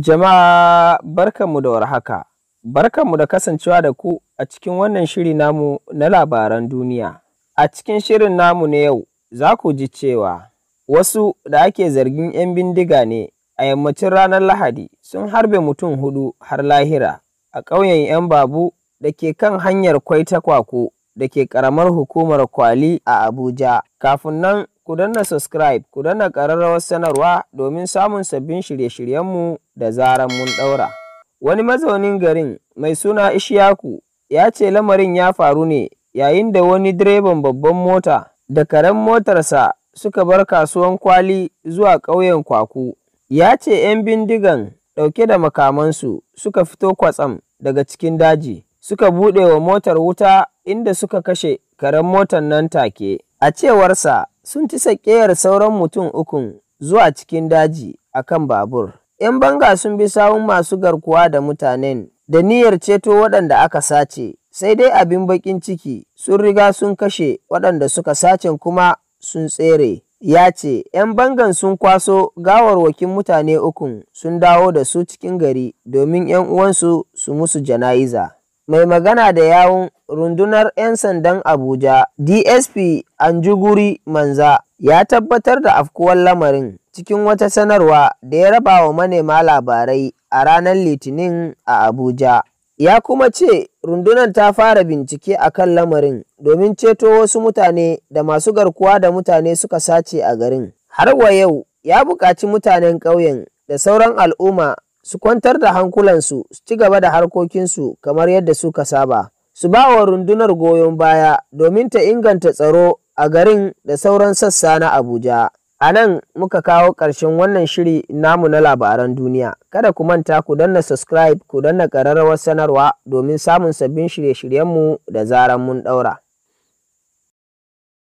Jama'a barkanmu da warhaka, barkanmu da kasancewa da ku a cikin wannan shiri namu na labaran duniya. A cikin shirin namu na yau za ku ji cewa wasu da ake zargin 'yan bindiga ne a yammacin ranar Lahadi sun harbe mutum hudu har lahira a ƙauyen 'yan babu da ke kan hanyar kwai ta kwako da ke ƙaramar hukumar kwali a Abuja. Kafin nan ku danna subscribe, ku danna ƙararrawar sanarwa domin samun sabbin shirye-shiryenmu da zaran mun ɗaura. Wani mazaunin garin mai suna Ishiyaku ya ce lamarin ya faru ne yayin da wani direban babban mota da karen motarsa suka bar kasuwan kwali zuwa ƙauyen kwaku. Ya ce ‘yan bindigan ɗauke da makamansu suka fito kwatsam daga cikin daji, suka buɗe wa motar wuta inda suka kashe karen motan nan take. A cewarsa, sun ci sakeyar sauran mutum ukun zuwa cikin daji a kan babur. 'Yan banga sun bi sawun masu garkuwa da mutanen da niyyar ceto waɗanda aka sace, sai dai abin baƙin ciki sun riga sun kashe waɗanda suka sacen kuma sun tsere. Ya ce, ‘yan bangan sun kwaso gawarwakin mutane ukun sun dawo da su cikin gari domin ‘yan uwansu su musu jana'iza. mai magana da yawun rundunar 'yan sandan Abuja DSP Anjuguri Manza ya tabbatar da afkuwar lamarin cikin wata sanarwa da ya raba wa manema labarai a ranar Litinin a Abuja. Ya kuma ce rundunar ta fara bincike a kan lamarin domin ceto wasu mutane da masu garkuwa da mutane suka sace a garin. Har wa yau ya buƙaci mutanen ƙauyen da sauran al'umma su kwantar da hankulansu su ci gaba da harkokinsu kamar yadda suka saba su ba wa rundunar goyon baya domin ta inganta tsaro a garin da sauran sassa na abuja a nan muka kawo ƙarshen wannan shiri namu na labaran duniya kada ku manta ku danna subscribe ku danna ƙararrawar sanarwa domin samun sabbin shirye-shiryenmu da zaran mun ɗaura